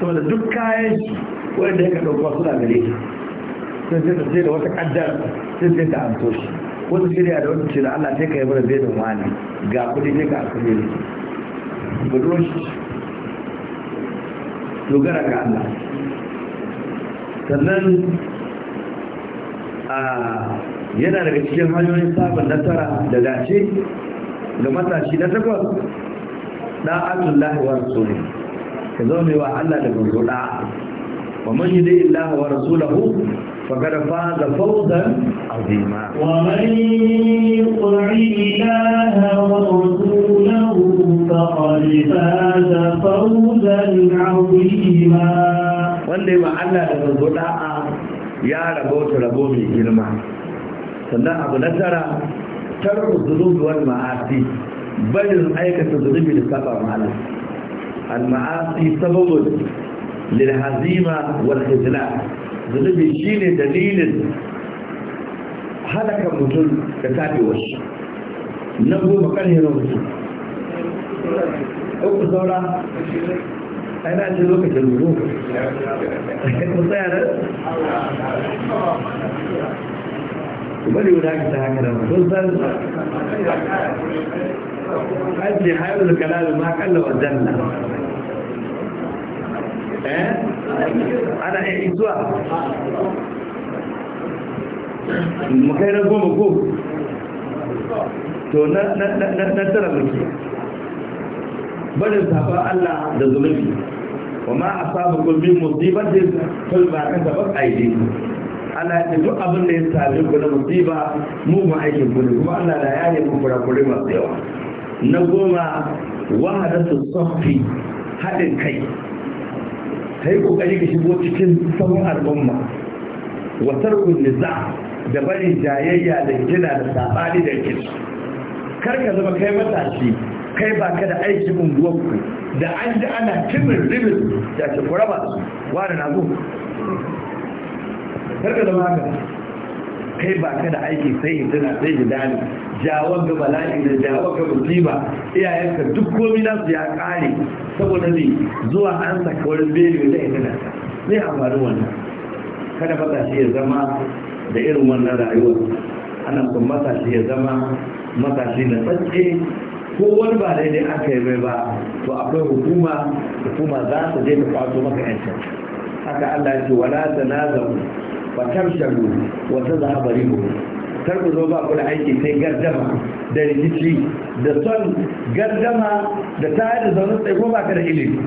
saboda duk kayan shi wanda ya ka ɗauka suna gare shi sun ce ta ce da wata ƙaddar sun ce ta amso shi wata shirya da wata ce da Allah sai ka yi mana zainin wani ga kuɗi ne ga amso ne budurwar shi dogara ga Allah sannan yana daga cikin hanyoyin samun nasara da dace ga matashi na takwas da'atun lahi wa rasuli ka mai wa Allah da manzo da'a wa man dai Allah wa rasulahu faqad da fawzan azima wa man yuti Allah wa rasulahu faqad da fawzan azima wanda ma Allah da manzo da'a ya rabo ta rabo mai girma sannan abu na tara tarku zunubi wal ma'asi barin aikata zunubi da saba ma'ala al ma'asi sababun lil hazima wal khizla zunubi shine dalilin halaka mutum da tabewar shi na goma kan hirar mutum uku saura أنا أجل وقت الوجود مطيرة وبالي هناك تهكذا مخصوصا أجل حيال الكلام ما كان له أدنى أنا إيسوا مكينة قوم قوم تو نترى مكينة بدل صحبه الله دزوليكي a wa ma asabakum min musibatin fal ma kasabat aydikum Allah ya duk abin da ya sami ku na musiba mu ma aikin ku kuma Allah da ya yi ku kurakure masu yawa na goma su safi haɗin kai kai kokari ka shigo cikin sauran al'umma wa tarkun niza da barin jayayya da gina da sabani da kin kar ka zama kai matashi kai ba ka da aikin unguwarku da an ji ana timin ribin da ke kuraba wani na zo karka zama maka kai ba ka da aiki sai hintuna sai jidali jawon ga bala'i da jawon ga musiba iyayenka duk komi su ya kare saboda ne zuwa an saka wani beli da hintuna Zai amfani wannan kada fata shi ya zama da irin wannan rayuwar ana son matashi ya zama matashi na tsakke. ko wani ba daidai aka yi mai ba to akwai hukuma hukuma za su je ta kwato maka yancin haka Allah ya ce wala tanazamu wa tamshalu wa tazhaba rihu kar ku zo ba kula aiki sai gardama da rikici da son gardama da ta da zaune tsaye ko ba ka da ilimi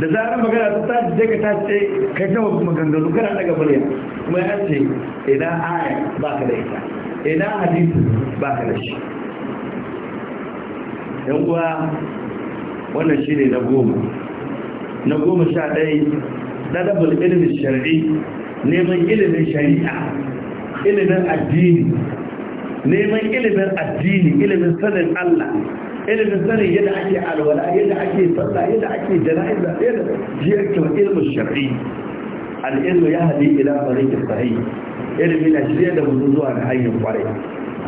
da zarar magana ta ta je ka ta ce kai ta maganganu kana daga murya kuma ya ce ina aya ba ka da ita ina hadisi ba ka da shi yan uwa wannan shine na goma na goma sha ɗaya ɗarabul ilimin shari'i neman ilimin shari'a ilimin addini neman ilimin addini ilimin sanin Allah ilimin sanin yadda ake alwala yadda ake sallah yadda ake jana'iza yadda jiyarkin ilimin shari'i al'ilmu ya haɗe ila farikin sahi ilimin na shirya da mutum zuwa ga hanyar kwarai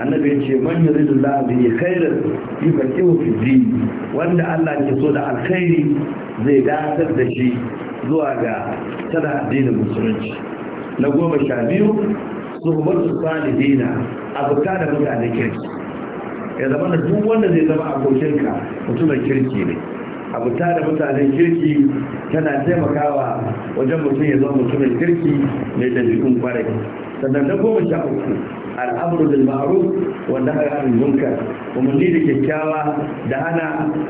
annabi ya ce man ya bi khairin yufaqihu fi din wanda Allah ke so da alkhairi zai datar da shi zuwa ga tana addinin musulunci na goma sha biyu su suhbatu dina, abuta da mutane kirki ya zama da duk wanda zai zama abokinka mutumin kirki ne abuta da mutanen kirki tana taimakawa wajen mutum ya zama mutumin kirki mai ɗabi'un kwarai sannan na goma sha uku al'amuru da ma'aru wanda haka hannun munkar umarni da kyakkyawa da hana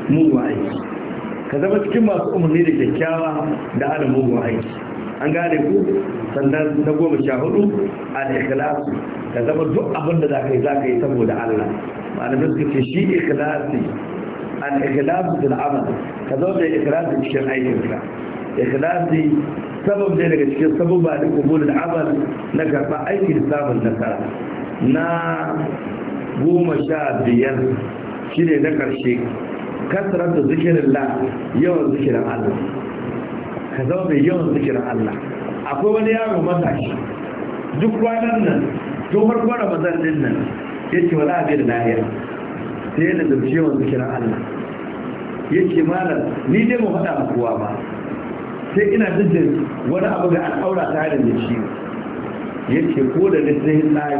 mugun aiki ka zama cikin masu umarni da kyakkyawa da hana mugun aiki an gane ku sannan na goma sha hudu al ka zama duk abin da za ka yi za ka yi saboda Allah da suka ce shi ikhlasi al-ikhlasu fil amal ka zo da ikhlasi cikin aikinka ikhlasi sabab ne daga cikin sababa da kubulul amal na karɓa aiki da samun nasara na goma sha biyar shi ne na karshe. kasarar da zikirin la yawan zikirin allah ka zama mai yawan zikirin allah akwai wani yaro matashi duk kwanan nan tun farko ramadan din nan ya ce wala abin lahiya sai da zuci yawan zikirin allah yake malam ni dai mu faɗa kowa ba sai ina jin wani abu da al'aura ta da shi yake ko da ni sai tsari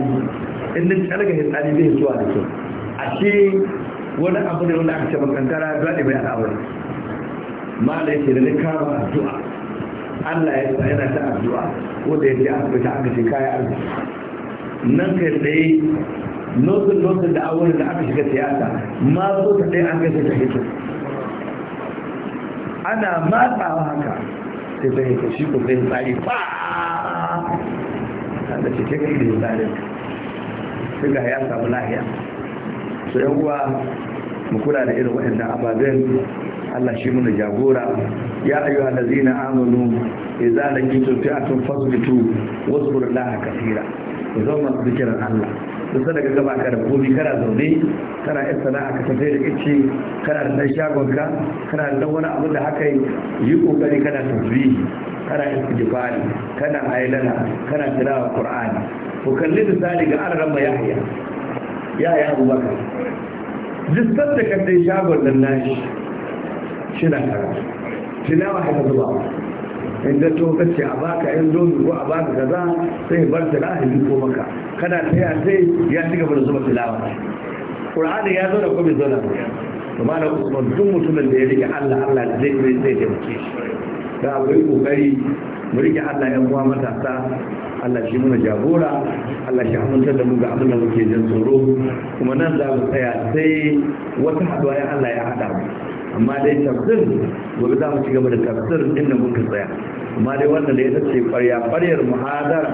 in ni tsarga hitsari zai zuwa da kyau ce wani abu ne wanda aka ce makankara zaɗi mai al'aura mala yake da na kama addu'a Allah ya sa yana ta addu'a wanda yake aka fita aka ce kaya arziki nan kai tsaye nozin nozin da awon da aka shiga siyasa ma zo ta ɗaya an gaisa ta hito ana matsawa haka sai zai ka shi ko zai tsari ba da ce ka kai da tsari sai ga ya samu lahiya so yan uwa mu kula da irin waɗannan ababen Allah shi muna jagora ya ayyuha allazina amanu idza laqitum fi'atun fasbitu wasbiru laha katira zama zikran Allah kusa daga gaba ka da gobe kana zaune kana yin sana'a ka tafi da kici kana da dan shagon ka kana da wani abu da haka yi kokari kana tasbihi kana kujibali kana ayyana kana tilawa qur'ani ko kalli misali ga alaran yahya yahya abubakar duk sanda ka dai shagon nan nashi shi na karatu tilawa haka zuwa inda to kace a baka yan zobi ko a baka kaza sai bar ta lahi ko maka kada sai a sai ya ci gaba da zuba tilawa qur'ani ya zo da kuma zo da to mana usman duk mutumin da ya rike Allah Allah zai zai zai taimake da abu kokari mu rike Allah yan uwa matasa Allah shi muna jagora Allah shi amintar da mu ga abin da muke jin tsoro kuma nan za mu tsaya sai wata haɗuwa ya Allah ya haɗa mu amma dai tafsir gobe za mu ci gaba da tafsir inda muka tsaya amma dai wannan da ya tace ƙwarya ƙwaryar muhadara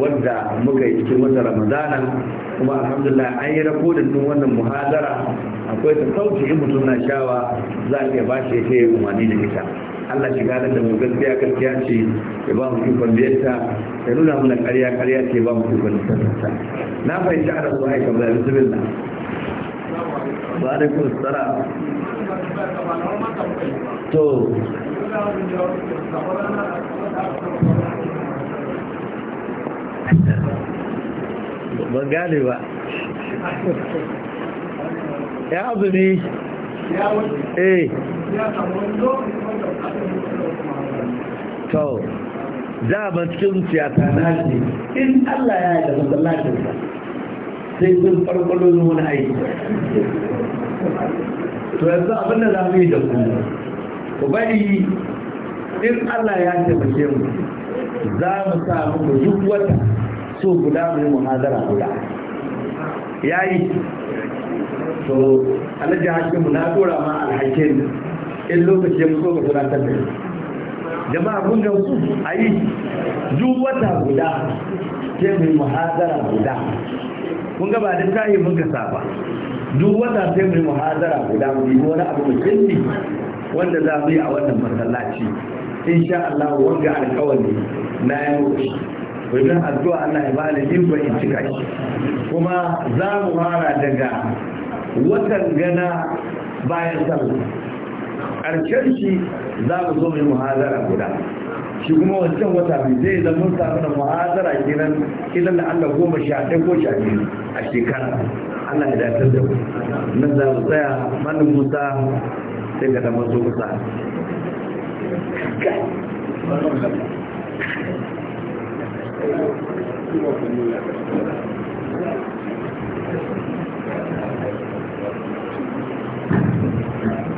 wadda muka yi cikin wata ramadana kuma alhamdulillah an yi rakodin din wannan muhadara akwai ta sauki in mutum na shawa za a iya ba shi ya umarni da ita Allah shiga da mu gaskiya gaskiya ce ya ba mu ikon biyarta ya nuna mana ƙarya ƙarya ce ba mu tukun sassa na fahimci da zuwa aika ba yanzu nan ba da kun tsara to ban gane ba ya azumi eh to daman cikin siyasa na haske in Allah ya yi da masallacinsa sai sun farfalo zuwa wani aiki to yanzu abin da za mu yi da ku ku bari in Allah ya taimake mu za mu sa muku duk wata so guda mu yi muhazara guda Ya yi to alhaji mu na dora ma alhakin in lokacin ya so ka tunatar da shi jama'a kun gamsu a yi duk wata guda sai mai muhazara guda kun ga ba da tayi mun ka safa duk wata sai mai muhazara guda mu yi wani abu mai wanda za mu yi a wannan masallaci insha Allah wanga alƙawari na yi wajen addu'a Allah ya bani limba in cika shi kuma za mu fara daga watan gana bayan sallah ƙarshen shi za mu zo mai muhazara guda shi kuma wancan wata mai zai zama mun mana da muhazara kenan idan da Allah goma sha ɗaya ko sha biyu a shekara Allah ya dakatar da mu nan za mu tsaya manin Musa sai ga zama zo Musa Thank you.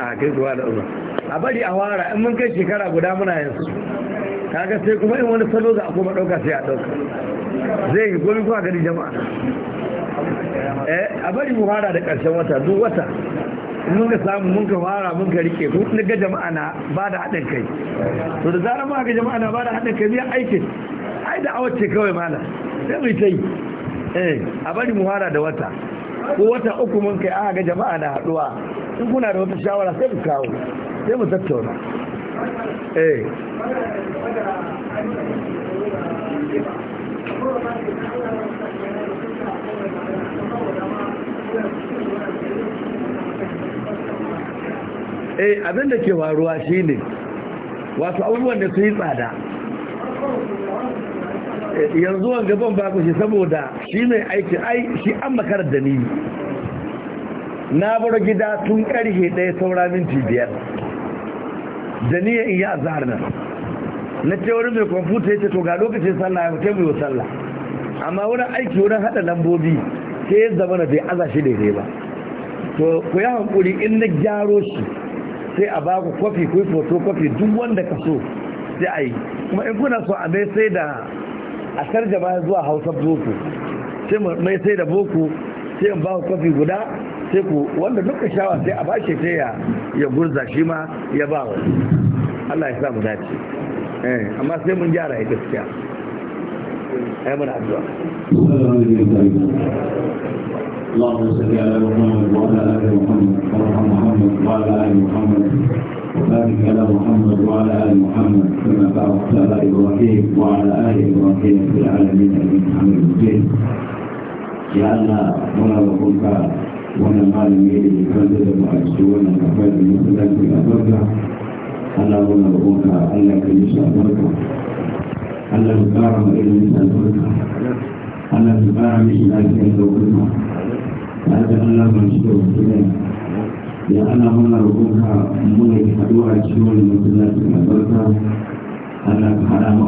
a kai kuwa da umar a bari a wara in mun kai shekara guda muna yanzu kaga sai kuma in wani salo za a kuma ɗauka sai a ɗauka zai yi gomi kuma gani jama'a eh, a bari mu fara da ƙarshen wata duk wata mun ka samu mun ka fara mun ka rike ko na ga jama'a na ba da haɗin kai to da zarar mun ga jama'a na ba da haɗin kai biyan aikin ai da awace kawai mala sai mu yi ta yi eh, a bari mu fara da wata ko wata uku mun kai aka ga jama'a na haduwa in kuna da wata shawara sai ku kawo sai mu tattauna eh eh abinda ke faruwa shine wasu abubuwan da su yi tsada yanzu wani gaban ba ku shi saboda shi mai aiki ai shi an makarar da ni na bar gida tun karhe ɗaya saura minti biyar da ni ya iya zahar nan na ce wani mai kwamfuta ya ce to ga lokacin sallah ya kai wa sallah amma wurin aiki wurin haɗa lambobi sai yi zama na bai aza shi daidai ba to ku yi hankuri in na gyaro shi sai a baku kwafi ku yi foto kwafi duk wanda ka so sai a yi kuma in kuna so a mai sai da a tarjama zuwa hausa boko sai mai sai da boko sai ba ku kwafi guda sai ku wanda duka shawa sai a bashi sai ya ya gurza shi ma ya ba wa Allah ya sa mu dace eh amma sai mun gyara ya gaskiya ai mun addu'a اللهم صل على محمد وعلى ال محمد وارحم محمد وعلى ال محمد باركت على محمد وعلى آل محمد كما باركت على إبراهيم وعلى آل إبراهيم في العالمين من محمد المسلم جعلنا هنا وكنت هنا العالمين لفندد المؤسسون المفاد المسلم في الأفرقة ألا هنا وكنت ألا كنيسة أفرقة ألا تكارم إلى نساء أفرقة ألا تكارم إلى نساء أفرقة ألا تكارم إلى نساء أفرقة ألا تكارم إلى نساء أفرقة ya ana muna roƙonka muna haɗuwa a cikin wani masallaci albarka ana ka